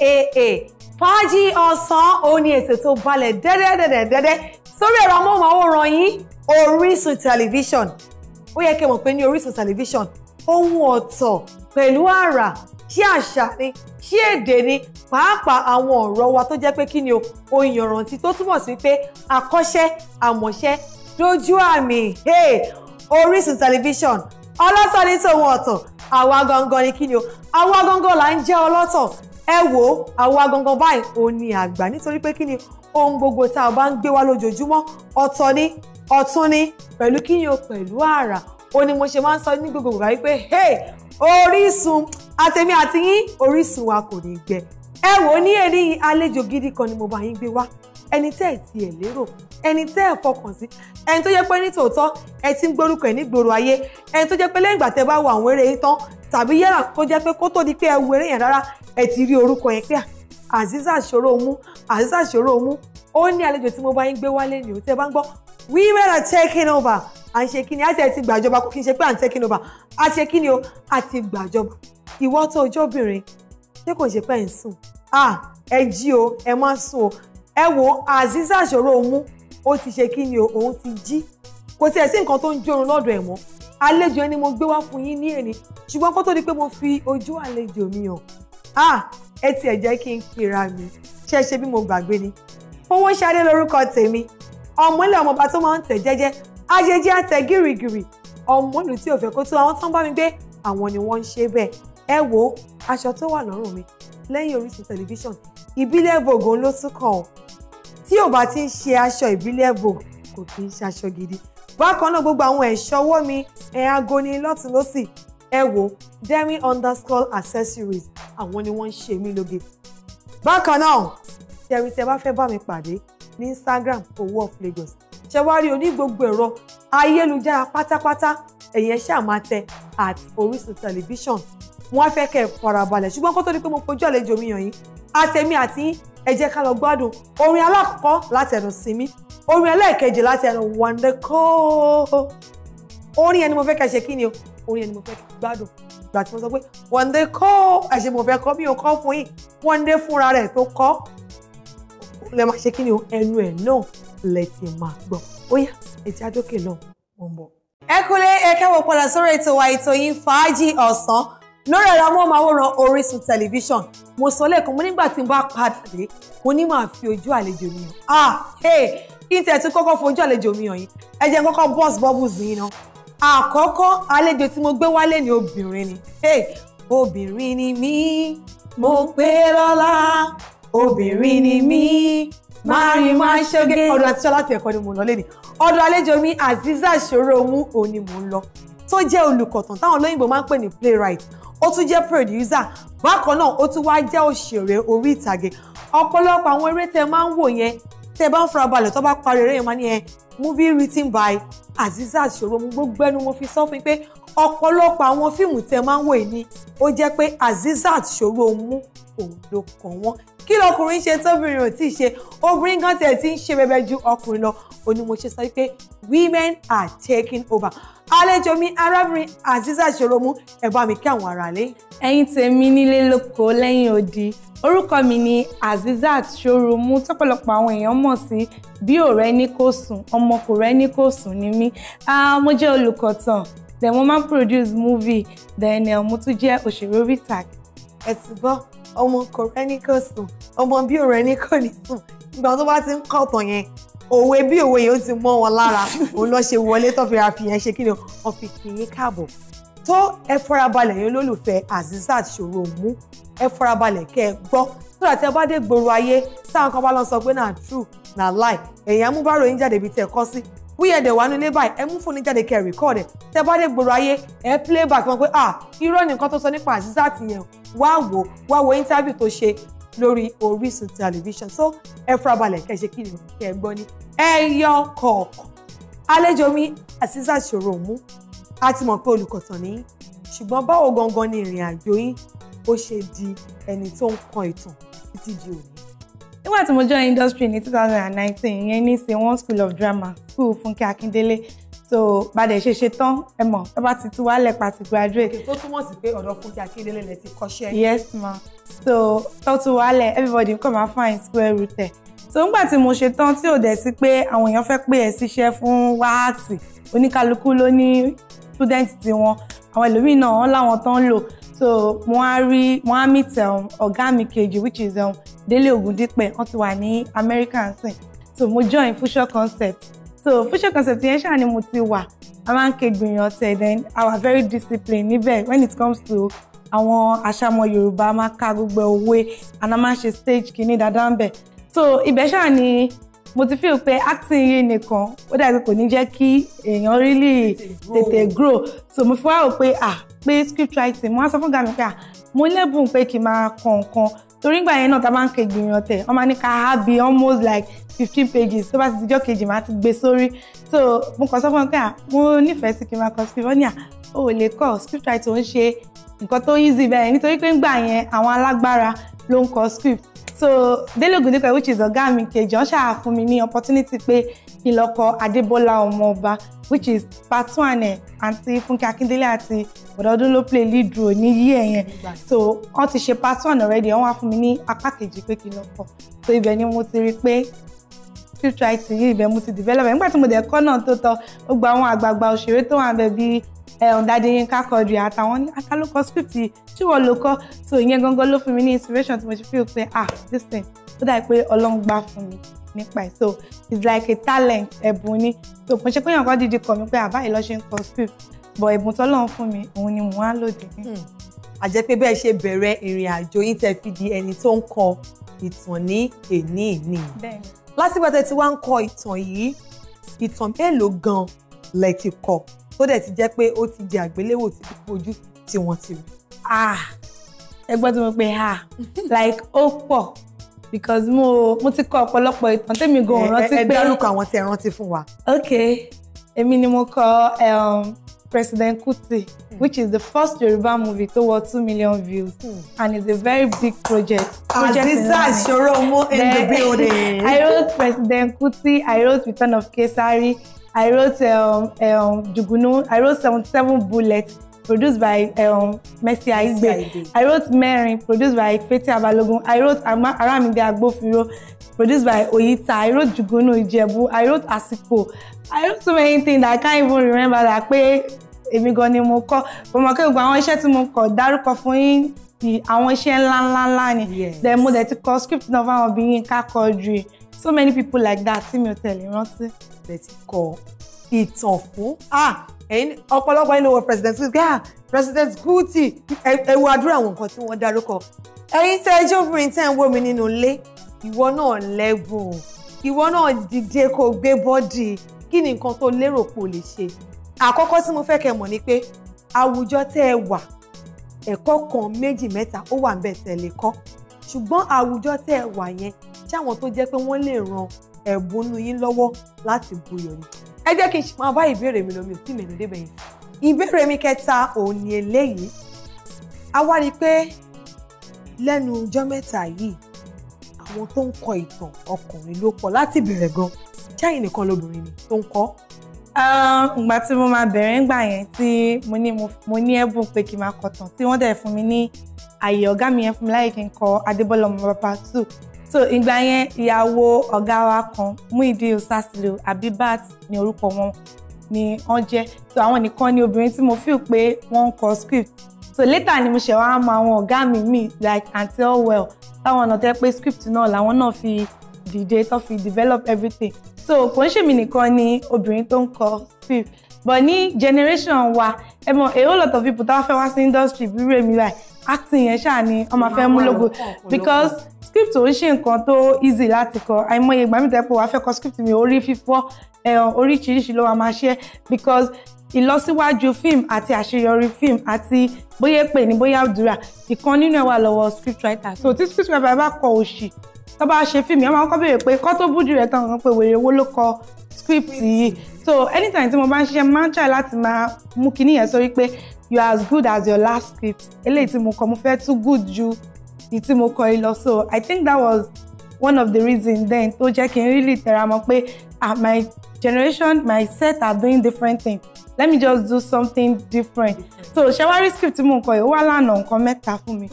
AAA fàájì ọ̀sán òun ni ètò tó balẹ̀ dẹ́dẹ́dẹ́dẹ́dẹ́ sórí ẹ̀rọ amóhùnmáwòrán yín Orísun tẹlifíṣọ̀n ó yẹ kí ẹ mọ̀ pé ní Orísun tẹlifíṣọ̀n ohun ọ̀tọ̀ pẹ̀lú àrà ṣé àṣà ni ṣé èdè ni pàápàá àwọn ọ̀rọ̀ wa tó jẹ́ pé kí ni o oyinranti tó túmọ̀ sí pé akọ́ṣẹ́ àmọ̀ṣẹ́ dojú àmì Orísun tẹlifíṣọ̀n ọlọ́tọ̀ ní tòun ọ̀tọ̀ àwa gangan ni kí ni o àwa gangan là ń jẹ́ ọlọ́tọ̀ ẹ wo àwa gangan báyìí òun ni àgbà nítorí pé kí ni ohun gbogbo tá a bá ń gbé wá lójoojúmọ́ ọ̀tọ̀ ni ọ̀tún ni pẹ̀lú kí ni o pẹ̀lú àrà ó ní mo ṣe máa ń sọ ní gbogbo ìgbà wípé hey orísun àtẹ̀mí àti yín orísun wa kò ní gbẹ ẹ wò ní èyí àlejò gidi kan ni mo bá yín gbé wá ẹni tẹ́ ẹ̀ tiẹ̀ lérò ẹni tẹ́ ẹ̀ fọkàn sí ẹni tó jẹ́ pé ní tòótọ́ ẹ ti ń gbórúkọ ẹ̀ nígboro ayé ẹni tó jẹ́ pé lẹ́yìn ìgbà tẹ́ bá wo àwọn eré yín tán tàbí yálà kó jẹ́ pé kó tó di pé ẹ wo eré yẹn rárá ẹ ti rí orúkọ yẹn pé Azeezat Shoromú Azeezat Shoromú ó ní àlejò tí mo bá yín gbé wálé ni ò tẹ́ bá ń gbọ́ women are taking over à ń ṣe kí ni àti ẹ ti gbàjọba kò kí n ṣe pé à ń taking over à ṣe kí ni o à ti gbàjọba ìwọ tó ojóbìnrin ṣé kò ṣe pé ẹ̀ ń sùn à ẹ jí o ẹ má sùn o ẹ wo Azeezat Shoromú ó ti ṣe kí ni o òun ti jí kò tiẹ̀ sí nǹkan tó ń jórun àlejò ẹni mo gbé wá fún yín ní èní ṣùgbọ́n kó tó di pé mo fi ojú àlejò mi hàn ah ẹ tiẹ̀ jẹ́ kí n kíra mi ṣe ṣe bí mo gbàgbé ni owó ṣadé lórúkọ tèmi ọmọ ilé ọmọọba tó máa ń tẹ̀ jẹ́jẹ́ ajẹjẹ́ àtẹ gírígírí ọmọ ìlú tí ò fẹ́ kó tó àwọn tó ń bá mi gbé àwọn ni wọ́n ń ṣe bẹ́ẹ̀ ẹ wo aṣọ tó wà lọ́rùn mi lẹ́yìn Orísun tẹlifíṣàn ìbílẹ̀ vogue ló tún kàn ọ́ tí ò ti ń ṣe aṣọ ìbílẹ̀ vogue kò kì í ṣe gidi bákan náà gbogbo àwọn ẹ̀ṣọ́ ọwọ́ mi ẹ̀ aago ni lọ́tún lọ́sì ẹ wo demi underscore accessories àwọn ni wọ́n ń ṣe mí lóge. bákan náà ṣẹ̀rí tẹ bá fẹ́ bá mi pàdé ní Instagram owó of Lagos ṣe wá rí oní gbogbo ẹ̀rọ ayélujára pátápátá ẹ̀yẹ ṣáà máa tẹ at Orísun tẹlifíṣàn wọ́n á fẹ́ kẹ́ ẹ̀ farabalẹ̀ ṣùgbọ́n kó tó di pé mo fojú àlejò mi yàn yín àtẹ̀mí àti ẹ jẹ́ ká lọ gbádùn orin alákọ̀ọ́kọ́ látẹnu sinmi orin ẹlẹ́ẹ̀kejì látẹnu wàndẹ́kọ́ orin ẹni mo fẹ́ kẹ́ ṣe kí ni o orin ẹni mo fẹ́ gbádùn ìgbà tí mo sọ pé wàndẹ́kọ́ àṣẹ mo fẹ́ kọ́ mi ò kọ́ fún yín wọ́ndé fúnra rẹ̀ tó kọ́ lẹ́ máa ṣe kí ni o ẹnu ẹ̀ náà lẹ́ ti máa gbọ́ ó yá ètí àjókè náà mo ń bọ̀. ẹ kúlé ẹ kẹ́wọ̀ padà sórí ètò wa ètò yín fàájì ọ̀sán lórí ẹ̀rọ amóhùnmáwòrán Orísun tẹlifíṣàn mo sọ lẹ́ẹ̀kan mo nígbà tí n bá padà dé mo ní màá fi ojú àlejò mi hàn ah hey intanet tún kọ́kọ́ fojú àlejò mi hàn yín ẹ jẹ́ kọ́kọ́ bọ́ọ̀s bubbles yín náà àkọ́kọ́ àlejò tí mo gbé wálé ni obìnrin ni hey obìnrin ni mí mo pé lọ́lá obìnrin ni mí mari máa ń ṣoge ọ̀dọ̀ àtijọ́ láti ẹ̀kọ́ ni mò ń lọ lẹ́nu ọ̀dọ̀ àlejò mi Azeezat Shoromú òní ni ń lọ tó jẹ́ olùkọ̀tàn táwọn olóyìnbó máa ń pè ní playwright ó tún jẹ́ producer bákan náà ó tún wá jẹ́ òṣèré orí ìtàgé ọ̀pọ̀lọpọ̀ àwọn eré tẹ máa ń wò yẹn tẹ bá ń fara balẹ̀ tó bá parí eré yẹn máa ní ẹ movie written by Azeezat Shoromí gbogbo ẹnu mo fi sọ fún pé ọ̀pọ̀lọpọ̀ àwọn fíìmù tẹ máa ń wò ní ó jẹ́ pé Azeezat ṣòro mú òun ló kàn wọ́n kí lọkùnrin ṣe tóbìnrin ò tí ì ṣe obìnrin kan tiẹ̀ ti ń ṣe bẹbẹ ju ọkùnrin lọ ó ní mo ṣe sọ pé women are taking over àlejò mi arábìnrin Azeezat ṣòro mú ẹ bá mi kí àwọn ará lé. ẹ̀yin tèmi nílé lóko lẹ́yìn odi orúkọ mi ni Azeezat Ṣòròmú tọ́pọ̀lọpọ̀ àwọn èèyàn mọ̀ sí bí ọ̀rẹ́ ní kò sùn ọmọ kò rẹ́ ní kò sùn ni mí ah, mo jẹ́ olùkọ̀tàn then mo produce movie then mo tún jẹ́ òṣèré orí ìtàgé. ẹ ti gbọ́ ọmọ kò rẹ́ni kò sùn ọmọ bí òrẹ́ ní kò ní sùn ìgbà tó bá ti ń kọ́ ọ̀tàn yẹn òwe bí òwe yìí ó ti mọ́ wọn lára òun lọ́ ṣe wọlé tó fi ra fi yẹn ṣe kí ni wọ́n fi kì í káàbọ̀ tó ẹ farabalẹ̀ yín olólùfẹ́ Azeezat Shorunmu ẹ farabalẹ̀ kẹ́ ẹ gbọ́ sódà tí ẹ bá dé gbòòrò ayé táwọn kan bá lọ sọ pé náà true náà lie ẹ̀yìn amúbárò yín jáde ibi tẹ̀ kọ́ sí wíyẹ dẹ̀ wà nílé báyìí ẹ mú fóònù jáde kẹ́ rìkọ́ọ̀dẹ̀ tẹ bá dé gbòòrò ayé ẹ play back wọn pé ah irọ́ nìkan tó sọ nípa Azeezat yẹn wá wò wá wo interview tó ṣe lórí Orísun television? so ẹ fura balẹ̀ kẹ́ ṣe kí ni kẹ́ gbọ́ ní ẹyọ kọ̀ọ̀kan àlejò mi Azeezat Shorunmu a ti mọ̀ pé olùkọ̀tàn ní ṣùgbọ́n báwo gangan ni ìrìn àjò yín ó ṣe di ẹni tó ń kan ìtàn títí di òní nígbà tí mo join industry ní 2019 ìyẹn ní ṣe one school of drama school Fúnkẹ́ akindele. so bàdẹ ṣe ṣe tán ẹ mọ̀ tó bá ti tú wálẹ̀ pàtì graduate. ètò túmọ̀ sí pé ọ̀dọ̀ Fúnkẹ́ Akíndélé lẹ ti kọ́ṣẹ́. yes ma so tó tú wálẹ̀ everybody come and find square root ẹ̀ so ńgbà tí mo ṣe tán tí ò dẹ̀ sí pé àwọn èèyàn fẹ́ pè ẹ́ síṣẹ́ fún wáátì oníkálukú ló ní student tiwọn àwọn ẹlòmíì náà wọn láwọn tán ń lò so mo á rí mo á meet um, ọ̀gá mi kejì which is um, Délé Ògúndípẹ̀ wọ́n ti wà ní America nsìn so mo join Fusion Concept so Fusion Concept yẹn ṣáà ni mo ti wà a máa ń ké gbìyànjú ọ̀tẹ̀ then our very discipline, níbẹ̀ when it comes to àwọn àṣàmọ Yorùbá a máa ka gbogbo òwe and a máa ṣe stage kìíní dáadáa ń bẹ̀ so ibẹ̀ ṣáà ni mo ti feel pé acting yìí nìkan ó dàgbé kò ní jẹ́ kí èèyàn really tètè grow so mo fi wá rò pé ah pé script writing mo wá sọ fún gàmí pé ah mo lẹ́bùn pé kí n máa kọ nǹkan torí ngbà yẹn náà ta máa ń kegbì yan tẹ ọmọ ní ká á bi almost like fifteen pages tó bá ti dijọ́ kejì máa ti gbé sórí so mo kàn sọ fún ọ pé mo nífẹ̀ẹ́ sí kí n máa kọ script ọ́nìyà o ò lè kọ script writing ò ń ṣe nǹkan tó easy bẹ́ẹ̀ nítorí pé ngbà yẹn àwọn alágbára ló ń kọ script so Délé Ògúndípẹ̀ which is ọ̀gá mi kejì wọ́n ṣáà fún mi ní opportunity pé kí n lọ kọ Adébọ́lá which is patuane àti Fúnkẹ́ Akíndélé àti ọ̀dọ́dún ló play lead role ní yí ẹ̀ yẹn so wọ́n ti ṣe patuane already wọ́n wá fún mi ní apá kejì pé kí n lọ kọ so ibẹ̀ ni mo ti rí pé script writing yìí ibẹ̀ mo ti develop ẹ̀ nígbà tí mo dẹ̀ kọ́ náà tó tọ́ ó gba àwọn àgbààgbà òṣèré tó wà ń bẹ bíi ọ̀dàdé Yínká Quadri àtàwọn ní àtàlùkọ script tí wọ́n lò kọ́ so ìyẹn gangan ló fún mi ní inspiration tí mo ṣe feel pé ah this thing ó dàbí pé ọlọ́run gbà fún mi nípa ẹ̀ so it's like a talent ẹ̀bùn ni so kò ṣe pé yàn kan dídí kọ mi pé àbá ìlọ́ṣẹ́ ń kọ script but ẹ̀bùn tọ́lọ́run fún mi òun ni mò ń lòdì ní. Hmm. àjẹ́ pé bẹ́ẹ̀ ṣe bẹ̀rẹ̀ ìrìn àjò yín tẹ́ fi di ẹni tó ń kọ ìtàn ní èní ìní. lásìkò tẹ́ ti wá ń kọ ìtàn yìí ìtàn mélòó gan-an lẹ ti kọ tó dẹ̀ ti jẹ́ pé ó ti di àgbéléwò tí gbogbo ojú tí wọ́n ti rí. Ah, ẹgbọ́n tí mo pe ha ah, like ó pọ̀ because mo mo ti kọ ọ̀pọ̀lọpọ̀ ìtàn tẹ́mi gan rántí pé ẹ dárúkọ àwọn tí ẹ rántí fún wa. ok èmi ni mo kọ um, President Kuti hmm. which is the first Yoruba movie to wọ two million views hmm. and it's a very big project. Aziza Soromo in the building. I wrote President Kuti I wrote Return of Kesari I wrote um, um, Jugunu. I wrote Seven Bullets, produced by um, Mercy Aigbe. I wrote Mary produced by Fete Abalogun. I wrote Ama Aramide Agbofiro, produced by Oyita. I wrote Jugunu Ijebu. I wrote Asiko. I wrote so many things that I can't even remember that pé emi gan ni mo kọ mo mọ pé gbogbo àwọn iṣẹ́ tí mo kọ dárúkọ fún yín àwọn iṣẹ́ ńláńláńlá ni then mo dẹ̀ ti kọ script náà fáwọn obìnrin ká kọ ju yìí so many people like that tí mi ò tẹ̀lé rántí lè ti kọ ìtàn fún ah ẹ̀yin ọ̀pọ̀lọpọ̀ ẹ̀yin ló wọ president Kuti ah president Kuti ẹ wo àdúrà àwọn nǹkan tí wọ́n dárúkọ ẹ̀yin tẹ́ ẹjọ́ obìnrin tẹ́ ń wò mí nínú ilé ìwọ náà lẹ́bùn ìwọ náà dìde kó gbé bọ́dì kí ni nǹkan tó lérò kó lè ṣe àkọ́kọ́ tí mo fẹ́ kẹ́ mọ̀ ni pé àwùjọ tẹ́ ẹ wà ẹ̀kọ́ kan méjì mẹ́ta ó wà ń bẹ̀ tẹ̀lé kọ́ ṣùgbọ́n àwùjọ tẹ́ ẹ wà yẹn ṣé àwọn tó jẹ́ pé wọ́n lè ran ẹ̀bùn inú yín lọ́wọ́ láti buyọ̀ ni. ẹ jẹ́ kí n máa bá ìbéèrè mi lọ mi ò tí mẹ́rin débẹ̀ yẹn. ìbéèrè mi kẹta òun ni eléyìí a wá rí i pé lẹ́nu ọjọ́ mẹ́ta yìí àwọn tó ń kọ ìtàn ọkùnrin ló pọ̀ láti bẹ̀rẹ̀ gan jẹ́yìn nìkan lóbìnrin ni tó ń kọ́. ìgbà tí mo máa bẹ̀rẹ̀ ń gbà yẹn tí mo ní ẹ̀bùn pé kí n máa kọ̀tàn tí wọ́n dẹ̀ fún mi ní àyè ọ̀gá mi yẹn fún mi láyè kí n kọ Adébọ́lá Ọmọbaba two so ìgbà yẹn ìyàwó ọ̀gá wa kan Muideen Sasilo Abibat ni orúkọ wọn ni wọ́n jẹ́ so àwọn nìkan ni obìnrin tí mo feel pé wọ́n ń kọ script so later ni mo ṣe wá mọ àwọn ọ̀gá mi mi like until Aunty Allwell táwọn ọ̀nà tẹ́ pé script náà làwọn náà fi dìde tó fi develop everything so kò ń ṣèmi nìkan ni obìnrin tó ń kọ script but ní generation wa ẹ mọ̀ a whole lot of people tá a fẹ́ wá sí industry bí rèmi like acting yẹn ṣáà ni ọmọ fẹ́ mú lógo because script ò ń ṣe nǹkan tó easy láti kọ àìmọye ìgbà mi tẹ́pọ̀ wá fẹ́ kọ script mi orí fífọ́ oríṣiríṣi ló wà máa ṣe because ìlọsíwájú fíìmù àti àṣeyọrí fíìmù àti bóyá pè ní bóyá àdúrà ìkan nínú ẹ̀ wà lọ́wọ́ script writer so tí script writer bá kọ òṣì tó bá ṣe fíìmù yẹn máa kọ́ béèrè pé kọ́ tó bújú rẹ̀ tán kan pé wèrè owó ló kọ script yìí so anytime tí mo bá ń ṣiṣẹ́ máa ń ṣàì láti máa mú kinní yẹn sórí pé you are as good as your last script eléyìí tí mo kọ mo fẹ́ tún good ju èyí tí mo kọ yìí lọ so i think that was one of the reasons then tó jẹ́ kí n really tẹra mọ́ pé ah my generation my set are doing different things let me just do something different so ṣẹwárí script tí mo kọ yìí ó wà lánàá nǹkan mẹ́ta fún mi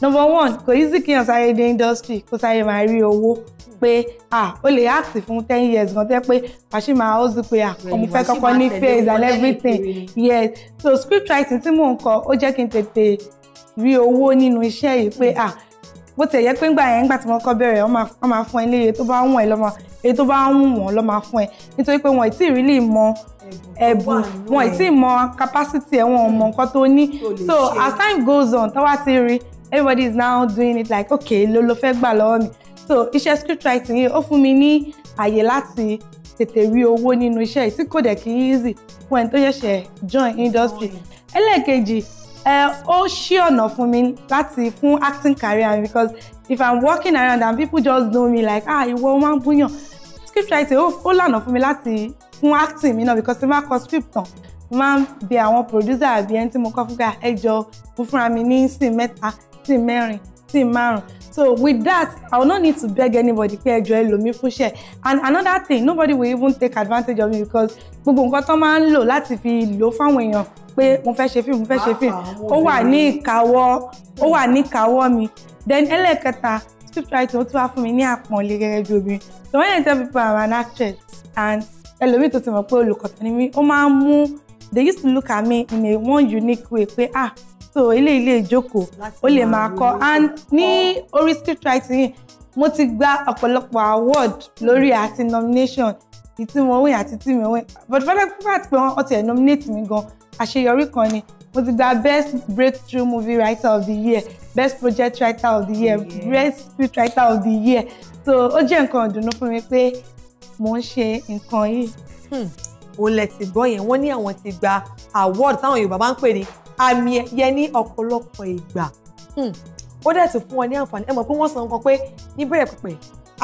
number one kò easy kí èèyàn sáré dé industry kó sáré máa rí owó pé ah o lè act fún ten years gan tẹ́ pé wàṣí máa ó sì pé ọmọ fẹ́ kọ́kọ́ ní face and everything yes so script writing tí mò ń kọ ó jẹ́ kí n tètè rí owó nínú iṣẹ́ yìí pé ah bó tiẹ̀ yẹ pé ńgbà yẹn ńgbà tí wọ́n kọ́ bẹ̀rẹ̀ wọ́n máa fún ẹ léye tó bá ń wọ̀n ẹ lọ́mọ èyí tó bá ń wọ̀n lọ́ máa fún ẹ nítorí pé wọ́n ì tí ì really mọ ẹ̀bùn wọ́n ì tí ì mọ capacity ẹ̀ wọ́n mọ nǹkan tó ní so as time goes on tọ́wá ti rí everybody is now doing it like okay ló ló fẹ́ gbà lọ́wọ́ mi so iṣẹ́ script writing yìí ó fún mi ní àyè láti tètè rí owó nínú iṣẹ́ yìí tí kò dẹ̀ kí easy fún ẹni tó ṣẹ̀ṣẹ̀ join industry ẹlẹ́ẹ̀kejì ó ṣí ọ̀nà fún mi láti fún acting career because if i'm walking around and people just know me like ah ìwọ máa ń búyàn script writing ó lànà fún mi láti fún acting mi náà because tí n bá kọ script tán máa ń bẹ àwọn producer àbí ẹni tí mo kọ́ fún ká ah, ẹjọ́ mo fúnra mi ní sìn mẹ́ta tí mẹ́rin tí márùn so with that i will not need to beg anybody pé ẹjọ ẹ lò mí fún and another thing nobody will even take advantage of me because gbogbo nǹkan tó máa ń lò láti fi lò fáwọn èèyàn pé mo fẹ́ ṣe fíìmù mo fẹ́ ṣe fíìmù ah, ó wà ní ìkáwọ́ ó wà ní ìkáwọ́ mi then ẹlẹ́ẹ̀kẹta scriptwriter ó tún wá fún mi ní àpọ́nlé gẹ́gẹ́ bí obìnrin so when i tell people i'm an actress and ẹlòmíì tó ti mọ̀ pé olùkọ́tà ni mi ó máa ń mú they used to look at me in a one unique way pé ah so ilé ilé ìjókòó ó lè máa kọ and ní orí script writing yìí mo ti gba ọ̀pọ̀lọpọ̀ award lórí àti nomination ìtí mo win àti tí mi win but further fact pé wọ́n ti ẹ̀ nominate mi gan àṣeyọrí kan ni mo ti gba best breakthrough movie writer of the year best project writer of the year yeah. best script writer of the year so ó jẹ́ nǹkan ìdùnnú fún mi pé mò ń ṣe nǹkan yìí. òun hmm. lẹ ti gbọ́ yẹn wọ́n ní àwọn ti gba award táwọn yorùbá máa ń pè ní àmì ẹ̀yẹ ní ọ̀pọ̀lọpọ̀ ìgbà hmm. ó dẹ̀ tún fún wọn ní àǹfààní ẹ mọ̀ pé wọ́n sọ nǹkan pé níbẹ̀rẹ̀ pẹ̀pẹ̀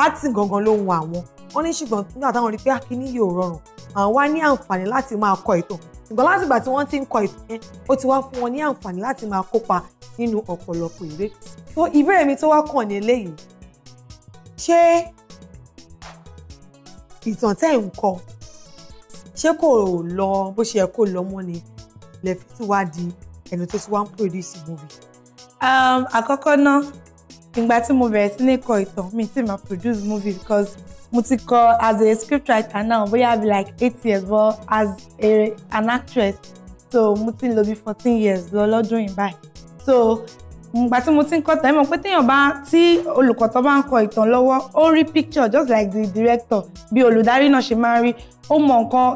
acting gangan ló ń wọ àwọn wọ́n ní ṣùgbọ́n nígbà táwọn rí pé akíní yóò rọrùn àwọn wá ní àǹfààní láti máa kọ ìtàn ṣùgbọ́n láti ìgbà tí wọ́n ti ń kọ ìtàn yẹn ó ti wá fún wọn ní àǹfààní láti máa kópa nínú ọ̀pọ̀lọpọ̀ eré tó ìbéèrè mi tó wá kàn ní eléyìí ṣé ìtàn tẹ́ ń kọ ṣé kò lọ bó ṣe yẹ kó lọ mọ́ ni lè fi ti wá di ẹni tó ti wá ń produce movie. Um, àkọ́kọ́ náà ìgbà tí mo bẹ̀rẹ̀ sí ní kọ ìtàn mi tí màá produce movie because mo ti kọ as a scriptwriter now bóyá be like eight years but as a, an actress so mo ti lò bí fourteen years lọ lọ́dún yìí báyìí so ìgbà tí mo ti ń kọ tàn ẹ́ mọ̀ pé téèyàn bá tí olùkọ́ tó bá ń kọ ìtàn lọ́wọ́ ó rí picture just like the director bí olùdarí náà ṣe máa ń rí ó mọ nǹkan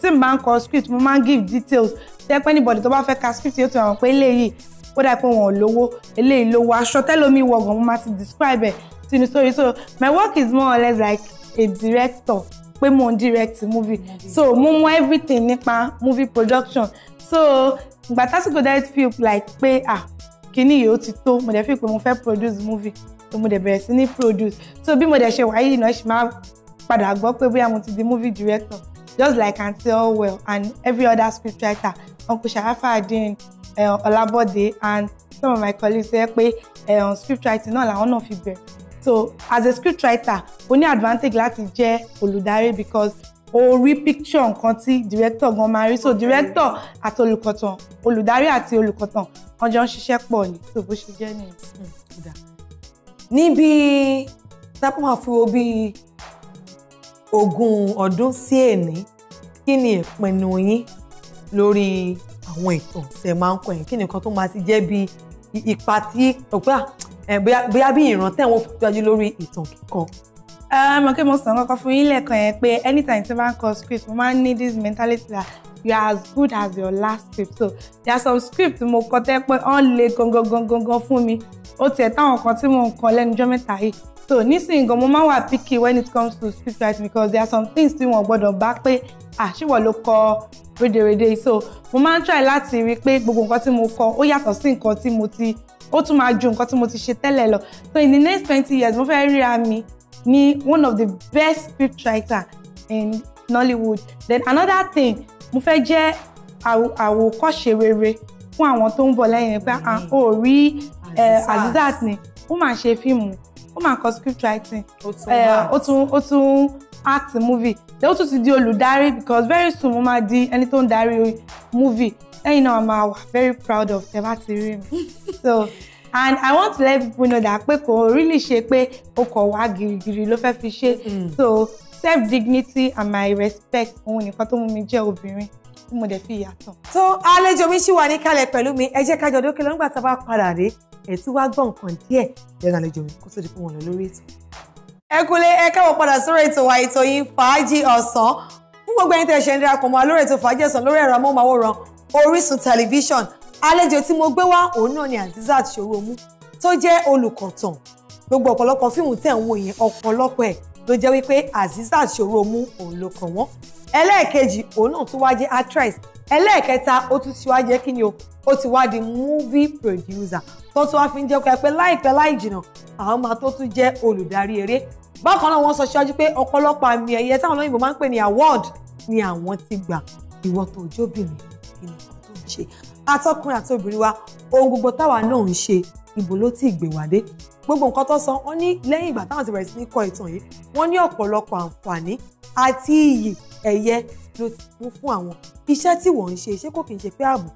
tí mo bá ń kọ script mo máa ń give details tẹ́pẹ́ anybody tó bá fẹ́ ka script yóò ti hàn pé eléyìí ó dà pé wọn ò lówó eléyìí lówó aṣọ tẹ́lómi wọ̀gàn mo máa ti describe ẹ̀ sínú story so my work is more or less like a director pé mo ń direct movie so mo mọ everything nípa movie production so ìgbà tásìkò that feel like pé ah kíní yìí ó ti tó mo dẹ̀ fi pé mo fẹ́ produce movie so mo dẹ̀ bẹ̀rẹ̀ sí ní produce so bí mo dẹ̀ ṣe wáyé ìná ṣì máa padà gbọ́ pé bóyá mo ti di movie director just like Aunty well and every other scriptwriter Uncle Sharafa Adin, um, Olabode and some of my colleagues sọ pé um, script writing náà làwọn náà fi bẹ̀rẹ̀. So as a script writer, o ní advantage láti jẹ́ olùdarí because o picture nǹkan tí director gan máa so director àti olùkọ̀tàn olùdarí àti olùkọ̀tàn wọ́n jọ ń ṣiṣẹ́ pọ̀ ni so bó ṣe jẹ́ nìyẹn. Hmm, níbi tápọ̀ àfúrò bíi ogún ọdún sí èní kí ni ìpinnu yín lórí àwọn ìtàn tẹ máa ń kọ yẹn kí nìkan tó máa ti jẹ́ bí ipa tí ọ̀pá bóyá bí ìran tẹ̀wọ̀n fi tọ́jú lórí ìtàn kíkọ. mo kí mo sàn kankan fún yín lẹ́ẹ̀kan yẹn pé anytime tí wọ́n bá ń kọ script mo máa ń ní this mentality that you are as good as your last script so there are some script mo kọ tẹ́ pé wọ́n le gangan gangan fún mi ó tiẹ̀ táwọn kan tí mo ń kọ lẹ́nujọ́ mẹ́ta yìí so nísìnyí gan mo máa wà picky when it comes to script writing because there are some things tí wọn gbọ́dọ̀ bá pé àṣìwọ̀ ló kọ rédèrèdè so mo máa ń try láti rí i pé gbogbo nǹkan tí mo kọ ó yàtọ̀ sí nǹkan tí mo ti ó tún máa ju nǹkan tí mo ti ṣe tẹ́lẹ̀ lọ so in the next twenty years mo fẹ́ ríra mi ní one of the best script writer in Nollywood then another thing mo fẹ́ jẹ́ àwòkọ́ṣe rere fún àwọn tó ń bọ̀ lẹ́yìn pé ah o rí eh, Asisat ni ó máa ṣe fíìmù ó máa kọ script writing eh, ó tún ó tún act movie then ó tún ti di olùdarí because very soon mo máa di ẹni tó ń darí movie lẹ́yìn náà máa wà very proud of ẹ bá ti rí mi so and I want to let people know that pé kò really ṣe pé o kò wá girigiri ló fẹ́ fi ṣe so self dignity and my respect òun nìkan tó mú mi jẹ́ obìnrin tí mo dẹ̀ fi yàtọ̀. tó àlejò mi ṣì wà níkàlẹ̀ pẹ̀lú mi ẹ jẹ́ ká jọ dókè lọ́ngbà tá a bá padà dé ẹ̀ tí wàá gbọ́ nǹkan díẹ̀ lẹ́nu àlejò mi kó tó di pé wọ́n lọ lórí ètò. ẹ kúlé ẹ káwọ́ padà sórí ètò wa ètò yìí fàájì ọ̀sán fún gbogbo ẹni tẹ̀ ṣe ń darapọ̀ mọ́ lórí ètò fàájì ọ̀sán lórí ẹ̀rọ amóhùnmáwòrán Orísun tẹlifíṣọ̀n àlejò tí mo gbé wá òun náà ni Azeezat Shorunmu tó jẹ́ olùkọ̀tàn gbogbo ọ̀pọ̀lọpọ̀ fíìmù tẹ̀ ń wò yẹn ọ̀pọ̀lọpọ̀ ẹ̀ ló jẹ́ wípé Azeezat Shorunmu òun ló kàn wọ́n ẹlẹ́ẹ̀kejì òun náà tún wá jẹ́ actress ẹlẹ́ẹ̀kẹta ó tún ti kí ni o ó ti wá di movie producer tó tún wá fi ń jẹ́ pé láìpẹ́ láì jìnnà àwọn máa tó tún jẹ́ olùdarí eré bákan náà wọ́n sọ síwájú pé ọ̀pọ̀lọpọ̀ àmì ẹ̀yẹ táwọn olóyìnbó máa ń pè ní award ni àwọn ti gbà ìwọ tó jóbìnrin kí ni wọ́n tó ń ṣe atọ́kùnrin àti obìnrin wa ohun gbogbo táwa náà ń ṣe ibo ló ti gbé wá dé gbogbo nǹkan tó san wọ́n ní lẹ́yìn ìgbà táwọn ti bẹ̀rẹ̀ sí ní kọ ìtàn yìí wọ́n ní ọ̀pọ̀lọpọ̀ àǹfààní àti iyì ẹ̀yẹ ló ti mú fún àwọn iṣẹ́ tí wọ́n ń ṣe ṣé kò kì í ṣe pé ààbò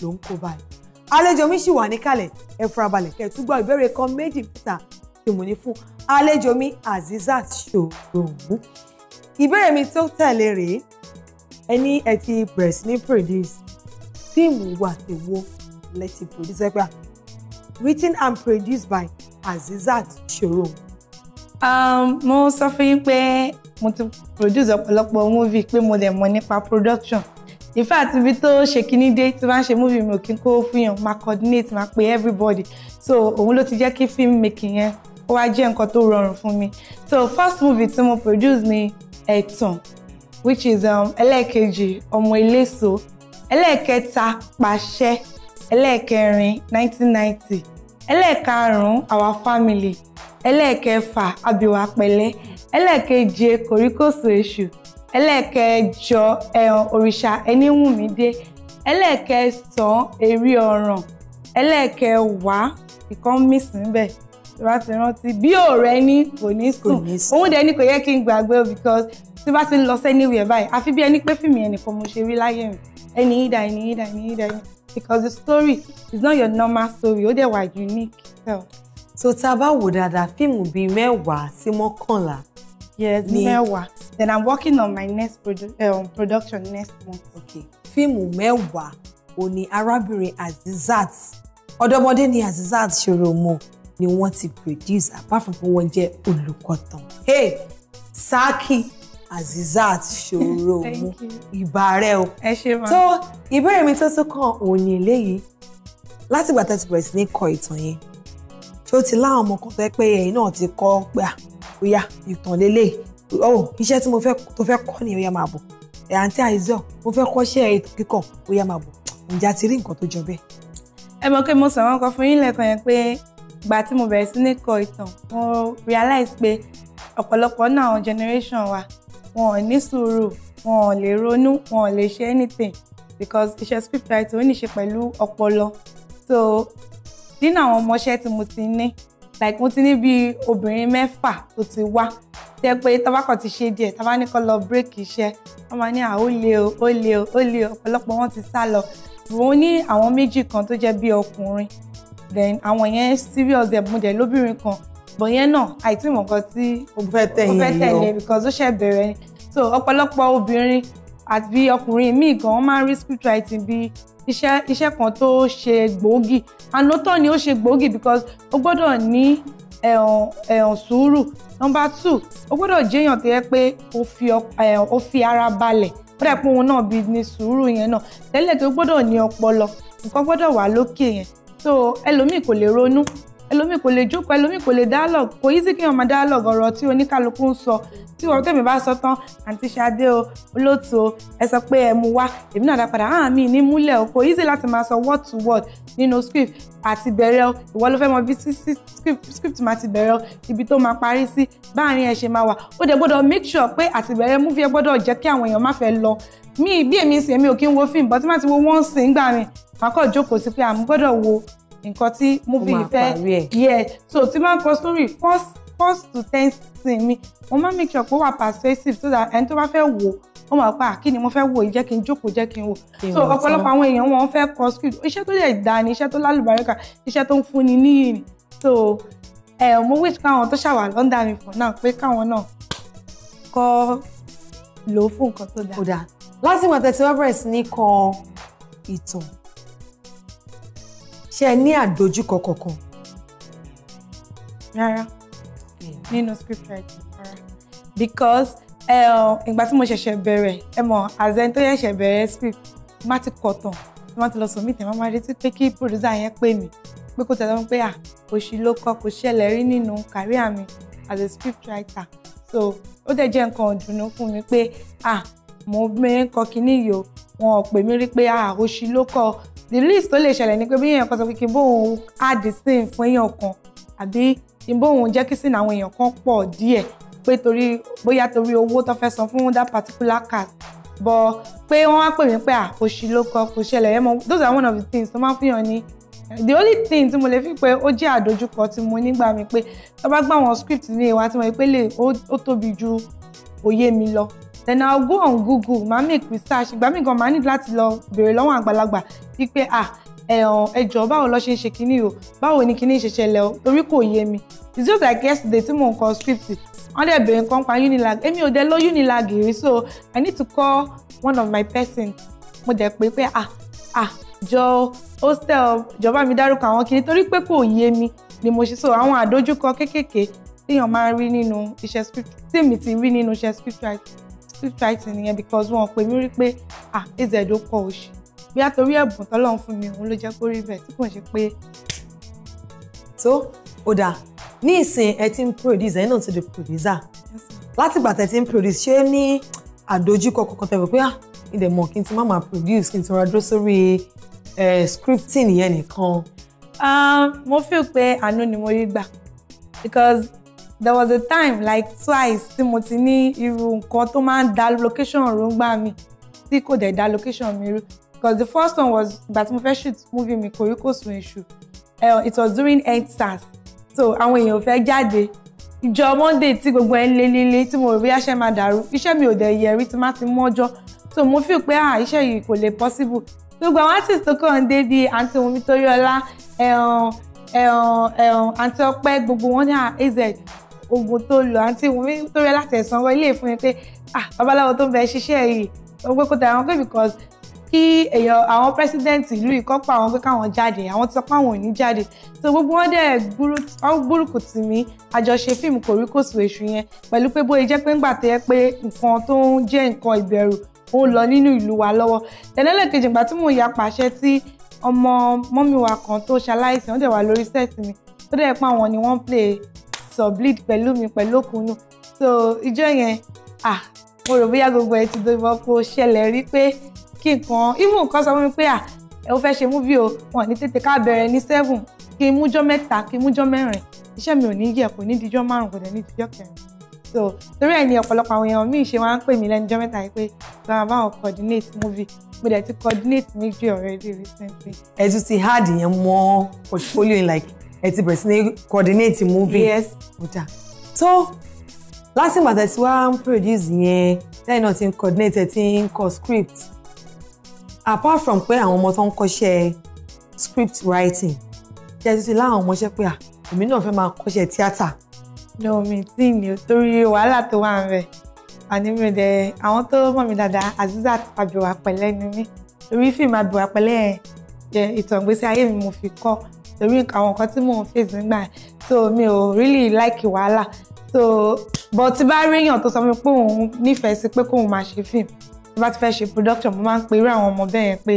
ló ń kó báyìí. àlejò mi sì wà níkàlẹ̀ ẹ fura balẹ̀ kẹ́ ẹ tún gbọ́ ìbéèrè kan méjì mẹ́ta tí mo ní fún àlejò mi Azizat Ṣòwòmú. ìbéèrè mi tó tẹ̀lé rèé ẹni ẹ ti bẹ̀rẹ̀ sí ní produce fíìmù wà tèwo lẹ́tì producer gbà written and produced by Azizat Ṣòwòmú. Um, mo sọ fún yín pé mo ti produce ọ̀pọ̀lọpọ̀ movie pé mo dẹ̀ mọ̀ nípa production in fact ibi tó ṣe kíní dé tí máa ń ṣe movie mi ò kí n máa coordinate máa pe everybody so òun ló ti jẹ́ kí film making yẹn ó wá jẹ́ nǹkan tó rọrùn fún mi so first movie tí mo produce ni ẹ̀tàn which is um, ẹlẹ́ẹ̀kejì ọmọ eléso ẹlẹ́ẹ̀kẹta pàṣẹ ẹlẹ́ẹ̀kẹrin 1990 ẹlẹ́ẹ̀karùn-ún our family ẹlẹ́ẹ̀kẹfà abiwa pẹ̀lẹ́ ẹlẹ́ẹ̀keje kòríkòsò èṣù ẹlẹ́ẹ̀kẹjọ ẹ̀hàn òrìṣà ẹníwùmídé ẹlẹ́ẹ̀kẹsàn èrí ọ̀ràn ẹlẹ́ẹ̀kẹwàá ìkan mísìn níbẹ̀ ìwà ti rántí bí ọ̀rẹ́ ní kò ní sùn òun dẹ̀ ni kò yẹ kí n gbàgbé o because tí bá ti ń lọ sẹ́ni wíwẹ̀ báyìí àfi bí ẹni pé fìmì ẹnìkan mo ṣe rí láyé mi ẹni yídà ẹni yídà ẹni yídà ẹni because the story is not your normal story ó dẹ̀ wà unique so. so tá a bá wò dáadáa fíìmù bíi mẹ́wàá sí mọ́kànlá. yes mẹ́wàá Then I'm working on my next produ um, production next month. Okay. Fíìmù mẹ́wàá ò ní arábìnrin Azizat. Ọ̀dọ́mọdé ni Azizat Ṣòròmọ ni wọ́n ti produce apart from pé wọ́n jẹ́ olùkọ́ tán. Hey! Saki Azizat Ṣòròmọ ìbà rẹ o. Ẹ ṣe máa. Tó ìbéèrè mi tó tún kàn òun ni eléyìí. Látìgbà tẹ́ ti bẹ̀rẹ̀ sí ní kọ ìtàn yẹn. Ṣé o ti láwọn ọmọ kan fẹ́ pé ẹ̀yin náà ti kọ́ pé à bóyá ìtàn lélẹ́yìí oh iṣẹ́ tí mo fẹ́ tó fẹ́ kọ́ ni ó yá máa bọ̀ ẹ̀ àǹtí àìsàn mo fẹ́ kọ́ṣẹ́ ètò kíkọ ó yá máa bọ̀ ǹjẹ́ a ti rí nǹkan tó jọ bẹ́ẹ̀. ẹ mọ̀ pé mo sọ wọn kan fún yín lẹ́ẹ̀kan yẹn pé ìgbà tí mo bẹ̀rẹ̀ sí ní kọ ìtàn mo realize pé ọ̀pọ̀lọpọ̀ náà àwọn generation wa wọn ò ní sùúrù wọn ò lè ronú wọn ò lè ṣe anything because iṣẹ́ scriptwriter ó ní ṣe pẹ̀lú ọpọlọ so nínú àwọn ọmọọṣẹ́ tí mo ti ní like mo ti ní bíi obìnrin mẹ́fà tó ti wá tẹ́ pé tabakọ̀ ti ṣe díẹ̀ tabá ní kọ́ lọ bírèkì iṣẹ́ wọ́n máa ní à ó le o ó le o ó le o ọ̀pọ̀lọpọ̀ wọn ti sá lọ mo ní àwọn méjì kan tó jẹ́ bíi ọkùnrin then àwọn yẹn serious ẹ̀ mo dẹ̀ lóbìnrin kan bọ̀ yẹn náà àìtí mọ̀ nǹkan tí o fẹ́ tẹ̀lé because ó ṣẹ̀ bẹ̀rẹ̀ ni so ọ̀pọ̀lọpọ̀ obìnrin àti bí ọkùnrin míì gan máa ń rí script writing bí iṣẹ́ iṣẹ́ kan tó ṣe gbòógì and lóòótọ́ ni ó ṣe gbòógì because ó gbọ́dọ̀ ní ẹ̀hàn ẹ̀hàn sùúrù number two ó gbọ́dọ̀ jẹ́yàn tó yẹ pé ó fi ara balẹ̀ ó dẹ̀ pé òun náà bí ní sùúrù yẹn náà tẹ́lẹ̀ tó gbọ́dọ̀ ní ọpọlọ nǹkan gbọ́dọ̀ wà lókè yẹn so ẹlòmíì kò lè ronú ẹlòmíì kò lè jókòó ẹlòmíì kò lè dialogue kò easy kí wọn máa dialogue ọ̀rọ̀ tí oníkálukú ń sọ tí wọn tẹ̀mí bá sọ tán àǹtí Ṣadé o olóòtú o ẹ sọ pé ẹ mú wá èmi náà dá padà hàn ní múlẹ̀ o kò easy láti máa sọ word to word nínú script àti bẹ̀rẹ̀ o ìwọ ló fẹ́ mọ bí script máa ti bẹ̀rẹ̀ o ibi tó máa parí sí báàrin ẹ ṣe máa wà ó dẹ̀ gbọ́dọ̀ make sure pé àtìbẹ̀rẹ̀ múfì ẹ gbọ́dọ̀ jẹ́ kí àwọn èèyàn má fẹ́ lọ mi bí èmi sì èmi ò kí ń wo fíìmù bọ́tí má ti wo wọ́n sìn gbà mí màá kọ́ sí pé àmú gbọ́dọ̀ wo nǹkan tí movie fẹ́ yẹ so tí máa ń kọ story first first to ten sin mi mo máa ń make sure pé ó wà persuasive so that ẹni tó bá fẹ́ wò wọ́n máa pa kí ni mo fẹ́ wò yìí jẹ́ kí n jókòó jẹ́ kí n wò so ọ̀pọ̀lọpọ̀ àwọn èèyàn wọn fẹ́ kọ script iṣẹ́ tó lè dá ni iṣẹ́ tó lálùbáríkà iṣẹ́ tó ń fúnni níyì ni so ẹ mo wish káwọn tó ṣàwà lọ́ndà mi fún náà pé káwọn náà kọ́ lò ó fún nǹkan tó dáa. kódà lásìkò àtẹ̀síwájú bẹ̀rẹ̀ sí ní kọ ìtàn ṣé ẹ ní àdójúkọ kankan. rárá hmm. nínú script writing rárá because eh, ìgbà tí mo ṣẹ̀ṣẹ̀ bẹ̀rẹ̀ ẹ mọ̀ àzẹ́ni tó ṣẹ̀ṣẹ̀ bẹ̀rẹ̀ script má ti kọ̀ tán má ti lọ sọ̀mí tẹ̀ má má retí pé kí producer yẹn pè mí pé kò tẹ̀lé wọn pé à kò sí ló kọ́ kò ṣẹlẹ̀ rí nínú career mi as a script writer so ó dẹ̀ jẹ́ nǹkan ìdùnnú fún mi pé à mo mẹ́rin kọ́ kínní yìí o wọn ò pè mí rí pé à òṣì ló kọ́ the least tó lè ṣẹlẹ̀ ni pé bí èèyàn kan sọ pé kí n bóun add sin fún èèyàn kan àbí kí n bóun jẹ́ kí sin àwọn èèyàn kan pọ̀ díẹ̀ pé torí bóyá torí owó tó fẹ́ san fún that particular cast but pé wọ́n wá pè mí pé à kò sí ló kọ kò ṣẹlẹ̀ ẹ̀ mọ́ those are one of the things tó máa ń fihàn ní the only thing tí mo lè fi pé ó jẹ́ àdójúkọ tí mo nígbà mi pé tó bá gbà wọn script ní ìwà tí mo rí pé lè ó tóbi ju òye mi lọ then i go on google màá make research ìgbà míì gan màá need láti lọ béèrè lọ́wọ́ àgbàlagbà wípé ah ẹ̀hàn ẹjọ́ báwo lọ ṣe ń ṣe kinní o báwo ni kinní ṣe ṣẹlẹ̀ o torí kò yé mi it's just like yesterday tí mò ń kọ script wọ́n dẹ̀ béèrè nǹkan pa unilag èmi ò dẹ̀ lọ unilag rí so i need to call one of my person mo dẹ̀ pé pé ah ah jọ hostel ìjọba mi dárúkọ àwọn kinní torí pé kò yé mi ni mo ṣe so àwọn àdójúkọ kéékèèké téèyàn máa ń rí nínú iṣẹ́ script tí èmi ti rí nínú iṣẹ́ script writing script writing nìyẹn because wọn pè mí rí pé ah ez ó kọ òṣì bí a torí ẹ̀bùn tọ́lọ́run fún mi òun ló jẹ́ kó rí bẹ́ẹ̀ tí kò ń ṣe pé. tó o dà ní ìsìn ẹ ti ń produce ẹ̀yin náà ti di producer látìgbà tẹ ti ń produce ṣé ní àdójúkọ kankan tẹ wò pé ah ìdẹ̀ mọ̀ kí n ti má máa produce kí n ti rọra dúró sórí scripting yẹn nìkan. Ah, mo feel pé àánú ni mo rí gbà because there was a time like twice tí mo ti ní irú nǹkan tó máa ń da location òròǹgbà mi tí kò dẹ̀ da location mi rú because the first one was ìgbà tí mo fẹ́ shoot movie mi Kòríkòsùn Èṣù eh, it was during endsars so àwọn èèyàn ò fẹ́ jáde ìjọ monday tí gbogbo ẹ̀ ń lé lílé tí mo rí àṣẹ máa dàrú iṣẹ́ mi ò dẹ̀ yẹ rí tí má ti mú ọjọ́ so mo feel pé ah iṣẹ́ yìí kò lè possible gbogbo àwọn artist tó kàn ń dé bíi àǹtí Wùmí Tóríọlá ẹ̀hàn ẹ̀hàn ẹ̀hàn àǹtí ọpẹ́ gbogbo wọn ní AZ ah, oògùn tó lò àǹtí wùmí tó rẹ láti ẹ̀sán wọ ilé ìfún pé ah babaláwo tó ń bẹ ṣiṣẹ́ yìí wọ́n pé kó tẹ àwọn pé because kí èèyàn àwọn president ìlú ìkọ́pọ̀ àwọn pé káwọn jáde àwọn ti sọ pé àwọn ò ní jáde tó gbogbo wọn dẹ̀ gbúrùkù tì mí àjọṣe fíìmù kòríkòsùn èṣù yẹn pẹ̀lú pé bóyá jẹ́ pé ńgbà tó yẹ pé nǹkan tó ń jẹ́ nǹkan ìbẹ̀rù ó ń lọ nínú ìlú wa lọ́wọ́ tẹ̀lẹ́lẹ̀ kejì ìgbà tí mò ń ya pàṣẹ tí ọmọ mọ́mí wa kan tó ṣaláìsí wọ́n dẹ̀ wà lórí sẹ́ẹ̀tì mi tó dẹ̀ pa àwọn ni wọ́n play bleed pẹ̀lú mi pẹ̀lú òkúnnù so ìjọ yẹn ah mo rò bóyá gbogbo ẹ ti dọ́gbọ́ kó ṣẹlẹ̀ rí pé kí nǹkan even nǹkan sọ fún mi pé ah ẹ ò fẹ́ ṣe múvì o wọn ní tètè ká bẹ̀rẹ̀ ní seven kí n mújọ́ mẹ́ta kí n mújọ́ mẹ́rin iṣẹ́ mi ò ní yẹ kò ní dijọ́ márùn kò dẹ̀ ní dijọ́ kẹrin so torí ẹ̀ ní ọ̀pọ̀lọpọ̀ àwọn èèyàn míì ṣe máa ń pè mí lẹ́nujọ́ mẹ́ta yìí pé báwọn báwọn coordinate movie mo dẹ̀ ti coordinate méjì already recently. ẹ tún ti hard yẹn mọ portfolio like ẹ ti bẹ̀rẹ̀ sí ní coordinate movie. yes ọjà So, lásìgbà tẹ̀ tí wàá ń produce yẹn lẹ́yìn náà ti ń coordinate ẹ ti ń kọ script apart from pé àwọn ọmọ tó ń kọ́ṣẹ́ script writing jẹ́ títí láwọn ọmọọṣẹ́ pé à èmi náà fẹ́ máa kọ́ṣẹ́ tíátà. no mi tí ni o torí wàhálà tó wà ń rẹ̀ àní mi dẹ̀ àwọn tó mọ̀ mí dáadáa Azizat àbẹ̀wà pẹ̀lẹ́ ni mí torí fíìmù àbẹ̀wà pẹ̀lẹ́ yẹn ìtàn ìgbésí ayé mi mo fi kọ́ torí àwọn nǹkan tí mò ń face nígbà yẹn so mi ò really like wàhálà so but tí bá rí èèyàn tó sọ mi pé òun nífẹ̀ẹ́ sí pé kóun máa ṣe fíìmù tí bá ti fẹ́ ṣe production mo máa ń pe irú àwọn ọmọ bẹ́ẹ̀ yẹn pé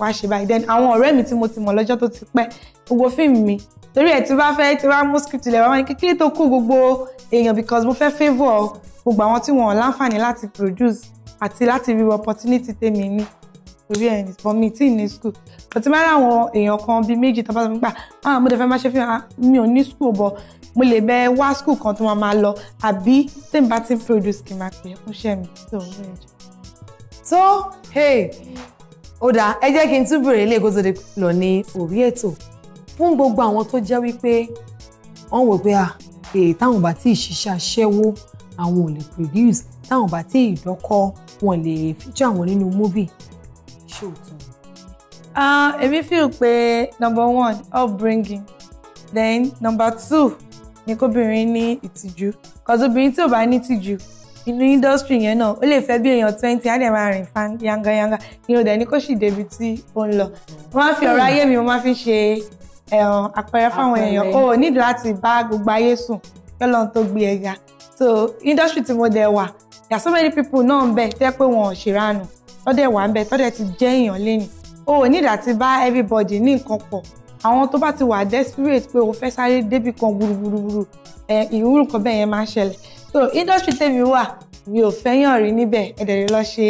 wàá ṣe báyìí then àwọn ọ̀rẹ́ mi tí mo ti mọ̀ lọ́jọ́ tó ti pẹ́ gbogbo fíìmù mi torí ẹ̀ tí bá fẹ́ tí bá mú script lẹ̀ wá wọ́n ní kékeré tó kú gbogbo èèyàn because mo fẹ́ favour gbogbo àwọn tí wọ́n láǹfààní láti produce àti láti rí opportunity tèmi ní orí ẹ̀ ní bọ́ mi tí ì ní skul bọ́ ti máa rí àwọn èèyàn kan bíi méjì tó bá sọ nípa ah mo dẹ̀ fẹ́ máa ṣe fi hàn ah, mi ò ní skul bọ̀ mo lè bẹ wá skul kan tó máa máa lọ àbí tèmi bá ti produce kì í máa pè é fún iṣẹ́ mi tó ń rìn jù. tó ó dáa ẹ jẹ́ kí n tún bèrè ilé ìkó lọ ní orí ètò fún gbogbo àwọn tó jẹ́ wípé wọ́n wò pé ah, èyí táwọn bá tí ì ṣiṣẹ́ aṣẹ́wó àwọn ò lè produce táwọn bá tí ì dọ́kọ́ wọn lè feature àwọn nínú movie ṣòótọ́. èmi fi hàn pé number one upbringing then number two ni kóbìnrin ní ìtìjú cause obìnrin tí ò bá ní ìtìjú inú industry yẹn náà ó lè fẹ́ bí èèyàn twenty á dẹ̀ máa rìn fan yangayanga ni o dẹ̀ ní kó sì débi tí ó ń lọ mo máa fi ọ̀rọ̀ ayé mi mo máa fi ṣe àpẹẹrẹ fáwọn èèyàn o ò nídìí láti bá gbogbo ayé sùn kọ́lọ́n tó gbé ẹ ga so industry tí mo dẹ̀ wà there are so many people náà ń bẹ tẹ́ pé wọn ò ṣèrànù tọ́dẹ̀ wà ń bẹ tọ́dẹ̀ ti jẹ́ èèyàn lẹ́nu o ò ní ìdàtí bá everybody ní nǹkan pọ̀ àwọn tó bá ti wà desperate pé o fẹ́ sáré débì kan gbùrùgbùrù ìwúrù kan bẹ́ẹ̀ yẹn máa ń ṣẹlẹ̀ so industry tèmi wà mi ò fẹ́yàn rí níbẹ̀ ẹ̀dẹ̀ lè lọ ṣe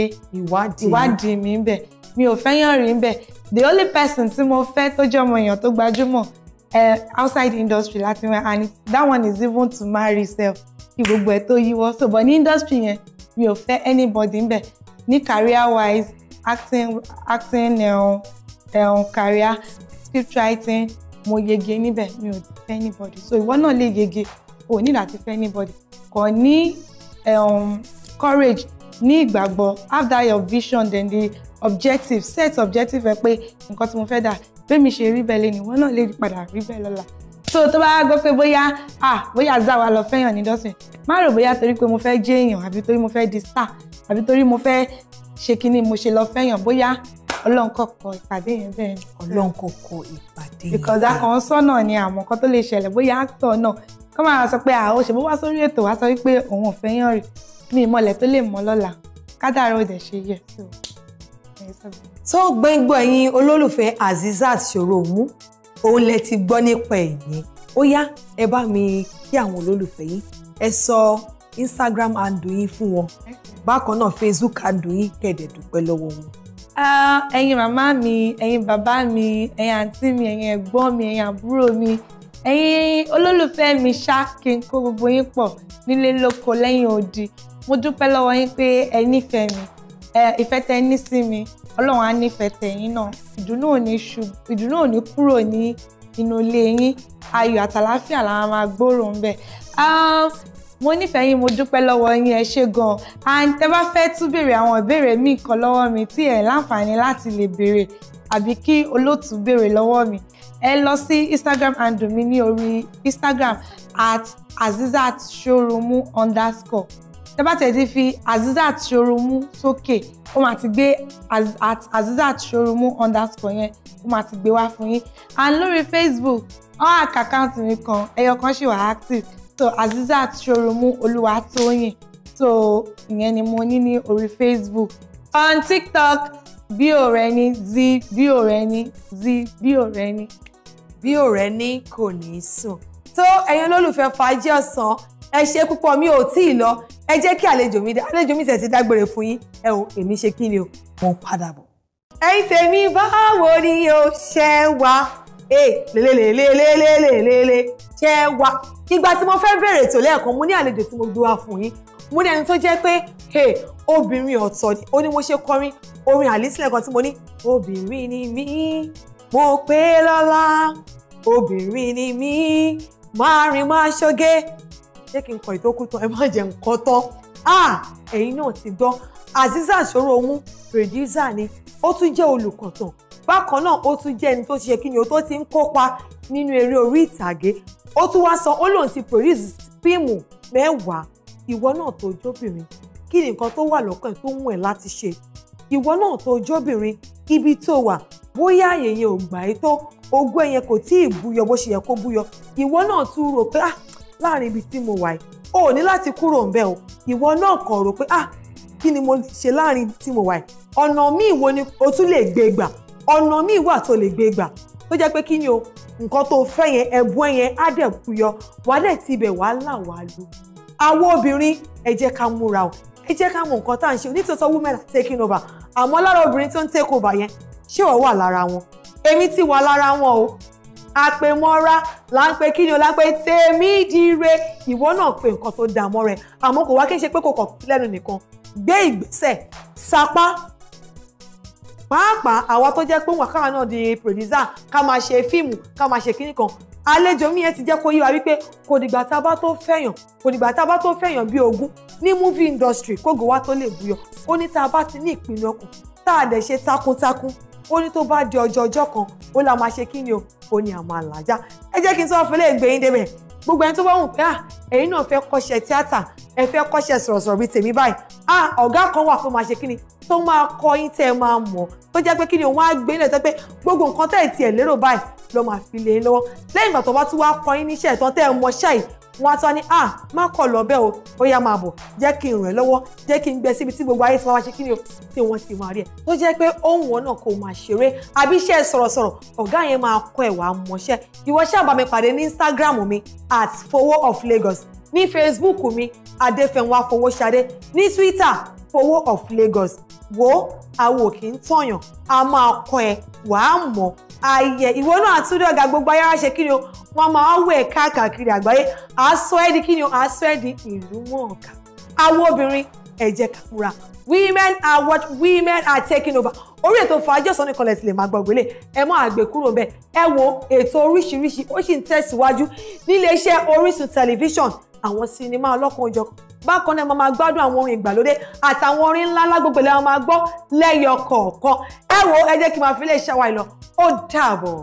ìwádìí mi níbẹ̀ mi ò fẹ́yàn rí níbẹ̀ the only person tí mo fẹ́ tó jẹ́ ọmọ èèyàn tó gbajúmọ̀ uh, outside industry láti wẹ̀ and that one is even to marry self kí gbogbo ẹ̀ tó yíwọ́ so but ní industry yẹn mi ò fẹ́ anybody níbẹ̀ ní career wise acting acting um, um, career script writing mo yege níbẹ̀ mi ò fẹ́ anybody so ìwọ náà lè yege o ò nílò àti fẹ́ anybody kàn ní um, courage ní ìgbàgbọ́ have that your vision then the objective set objective ẹ pé nǹkan tí mo fẹ́ dà bẹ́ẹ̀ mi ṣe rí bẹ́ẹ̀ lé ni ìwọ náà lè padà rí bẹ́ẹ̀ lọ́la so tó bá gbọ́ pé bóyá ah bóyá zawa lọ fẹ́yàn ní dọ́sìn má rò bóyá torí pé mo fẹ́ jẹ́ èèyàn àbí torí mo fẹ́ di star àbí torí mo fẹ́ ṣe kínní mo ṣe lọ fẹ́yàn bóyá ọlọ́run kọ̀kọ̀ ìpàdé yẹn bẹ́ẹ̀ ni. ọlọ́run kọ̀kọ̀ ìpàdé yẹn. because akọ̀ọ́sọ́nà ni àwọn kan tó lè ṣẹlẹ̀ bóyá actor náà kọ́ máa sọ pé àwọn òṣèlú wá sórí ètò wá sọ wípé òun ò fẹ́ yàn rí ní ìmọ̀lẹ̀ tó lè mọ́ lọ́la kádàrá ò dẹ̀ ṣe yẹ. tó gbẹ́ngbọ̀n ẹ̀yin olólùfẹ́ Azeezat Shorunmu òun lẹ ti gbọ́ nípa ẹ̀yìn ó yá ẹ bá mi kí àwọn olólùfẹ́ yín ẹ sọ Instagram handle yín fún wọn bákan náà Facebook handle yín kẹ̀dẹ̀ dúpẹ́ lọ́wọ́ wọn. ẹ̀yin màmá mi ẹ̀yin bàbá mi ẹ̀yin àǹtí mi ẹ̀yin ẹ̀gbọ́n mi ẹ̀yin àbúrò mi ẹ̀yin olólùfẹ́ mi ṣá kí n kó gbogbo yín pọ̀ nílé lóko lẹ́yìn odi mo dúpẹ́ lọ́wọ́ yín pé ẹ nífẹ̀ẹ́ mi ìfẹ́ tẹ́ ní sí mi ọlọ́run á nífẹ̀ẹ́ tẹ̀yìn náà ìdùnnú ò ní ṣubú ìdùnnú ò ní kúrò ní inú ilé yín ayọ̀ àtàláfíà la máa gbóòrùn bẹ́ẹ̀ ah, mo nífẹ̀ẹ́ yín mo dúpẹ́ lọ́wọ́ yín ẹ ṣé gan-an and tẹ bá fẹ́ tún béèrè àwọn ìbéèrè míì kan lọ́wọ́ mi tí ẹ̀ láǹfààní láti lè béèrè àbí kí olóòtú béèrè lọ́wọ́ mi ẹ lọ sí instagram handle mi ní orí instagram at azizat showroomu underscore tẹ́bá tẹ̀ ti fi Azeezat Shorunmu sókè ó máa ti gbé Azeezat Shorunmu underscore yẹn ó máa ti gbé wá fún yín and lórí Facebook all hack account mi kan ẹyọ kan ṣì wà active so Azeezat Shorunmu Olúwatóyìn so ìyẹn ni mo ní ní orí Facebook on TikTok bí ọ̀rẹ́ ní zi bí ọ̀rẹ́ ní zi bí ọ̀rẹ́ ní. bí ọ̀rẹ́ ní kò ní sùn. tó ẹ̀yin olólùfẹ́ fàájì ọ̀sán ẹ ṣe púpọ̀ mi ò tí ì lọ ẹ jẹ́ kí àlejò mi dé àlejò mi tẹ̀sí dágbére fún yín ẹ o èmi ṣe kí ni o mo padà bọ̀. ẹ̀yin tèmi báwo ni o ṣe wá lélelélelélelélele ṣe wá ìgbà tí mo fẹ́ bẹ̀rẹ̀ ètò lẹ́ẹ̀kan mo ní àlejò tí mo gbé wá fún yín mo ní ẹni tó jẹ́ pé obìnrin ọ̀tọ̀ ni ó ní mo ṣe kọrin orin àlísílẹ̀ kan tí mo ní obìnrin ni mí mo pé lọ́lá obìnrin ni mí máa rìn máa ṣoge jẹ́ kí n kọ ìtókù tán ẹ má jẹ́ nǹkan tán ah, ẹ̀yin náà ti gbọ́ Azeezat Soromu pèrèdísà ni ó tún jẹ́ olùkọ̀tàn bákan náà ó tún jẹ́ ẹni tó ṣe kí ni o tó ti ń kópa nínú eré orí ìtàgé ó tún wá sọ ó lòun ti produce fíìmù mẹ́wàá ìwọ náà tó jóbìnrin kí ni nǹkan tó wà lọ́kàn tó ń wẹ̀ láti ṣe ìwọ náà tó jóbìnrin ibi tó wà bóyá àyè yẹn ò gbà é tó ogún ẹ̀yẹn kò tí ì búyọ bó ṣe yẹ kó búyọ ìwọ náà tún rò pé ah láàrin ibi tí mo wà yìí o ò ní láti kúrò ń bẹ̀ o ìwọ náà kàn rò pé ah kí ni mo ṣe láàrin tí mo wà yìí ọ̀nà míì wo ni o tún lè gbé gbà ọ̀nà míì wà tó lè gbé gbà tó jẹ́ pé kí ni o nǹkan tó fẹ́ yẹn ẹ̀bùn yẹn á dẹ̀ kú yọ wàá ti ibẹ̀ wàá là wàá lò àwọn obìnrin ẹ jẹ́ ká múra o ẹ jẹ́ ká mọ nǹkan tá à ń ṣe onítòótọ́ women are taking over àmọ́ lára obìnrin tó ń take over yẹn ṣé wọ́n wà lára wọn èmi ti wà lára wọn o àpèmọ́ra là ń pe kí ni o là ń pe tèmídìre ìwọ náà pe nǹkan tó dà mọ́ rẹ̀ àmọ́ kò wá kí n ṣe pé kò kọ̀ lẹ́nu nìkan gbé ìgbésẹ̀ sapá pàápàá àwa tó jẹ́ pé wọn káwa náà di producer ká máa ṣe fíìmù ká máa ṣe kíní kan àlejò mi yẹn ti jẹ́ kó yé wa wípé kò dìgbà tá a bá tó fẹ̀yàn kò dìgbà tá a bá tó fẹ̀yàn bí ogún ní movie industry kógo wa tó lè buyọ̀ ó ní tá a bá ti ní ìpinnu ọkàn tá a dẹ̀ ṣe takuntakun ó ní tó bá di ọjọ́ ọjọ́ kan ó la máa ṣe kí ni o ó ní àmọ́ àlàjá ẹ jẹ́ kí n sọ fún eléyìí gbẹ̀yìn débẹ̀ gbogbo ẹni tó bá wùn pé à ah, ẹ̀yin náà fẹ́ kọ́ṣẹ́ tíátà ẹ fẹ́ kọ́ṣẹ́ sọ̀rọ̀sọ̀rọ̀ bíi tèmi báyìí à ah, ọ̀gá kan wà tó máa ṣe kí ni tó máa kọ́ yín tẹ́ ẹ máa mọ̀ tó jẹ́ pé kí ni òun á gbé ilẹ̀ tó pé gbogbo nǹkan tẹ́ ẹ̀ tiẹ̀ lérò báyìí ló máa fi lé lọ́wọ́ lẹ́yìn ìgbà tó bá tún wá kọ́ yín níṣẹ́ ìtàn tẹ́ ẹ mọṣẹ́ yìí wọ́n á ni ah má kọ̀ lọ́bẹ̀ o ó yá máa bọ̀ jẹ́ kí n ràn ẹ́ lọ́wọ́ jẹ́ kí n gbẹ síbi tí gbogbo ayé ti máa ṣe kí ni o tí wọ́n ti máa rí ẹ̀ tó jẹ́ pé ohun wọn náà kò máa ṣeré àbí iṣẹ́ sọ̀rọ̀sọ̀rọ̀ ọ̀gá yẹn máa kọ́ ẹ̀wà mọ́ṣẹ́ ìwọ ṣáàbà pàdé ní Instagram mi at fowo of Lagos ní Facebook mi adéfẹ̀wá fowóṣadé ní Twitter owó of Lagos wo àwo kì í tọ̀yàn a máa kọ ẹ wàá mọ̀ ayẹ ìwọ náà àtúndì ọ̀gá gbogbo ayára ṣe kí ni o wọ́n máa wọ ẹ̀ káàkiri àgbáyé àásọ ẹ̀ di kí ni o àásọ ẹ̀ ìlú mọ̀ọ́ká àwọn obìnrin ẹ jẹ́ women are what women are taking over orí ètò fàájì ọ̀sán nìkan lẹ́sìn lè máa gbọ́ gbélé ẹ má àgbè kúrò bẹ́ẹ̀ ẹ wo ètò oríṣiríṣi ó sì ń tẹ̀síwájú níléeṣẹ́ Orísun tẹlifíṣọ̀n àwọn sinimá ọlọ́kan-ò-jọ̀kan bákan náà máa gbádùn àwọn orin ìgbàlódé àtàwọn orin ńlá ńlá gbogbo ilẹ̀ máa gbọ́ lẹ́yọ kọ̀ọ̀kan ẹ wo ẹ jẹ́ kí n máa fi lè ṣàwáyé lọ ó dàbọ̀.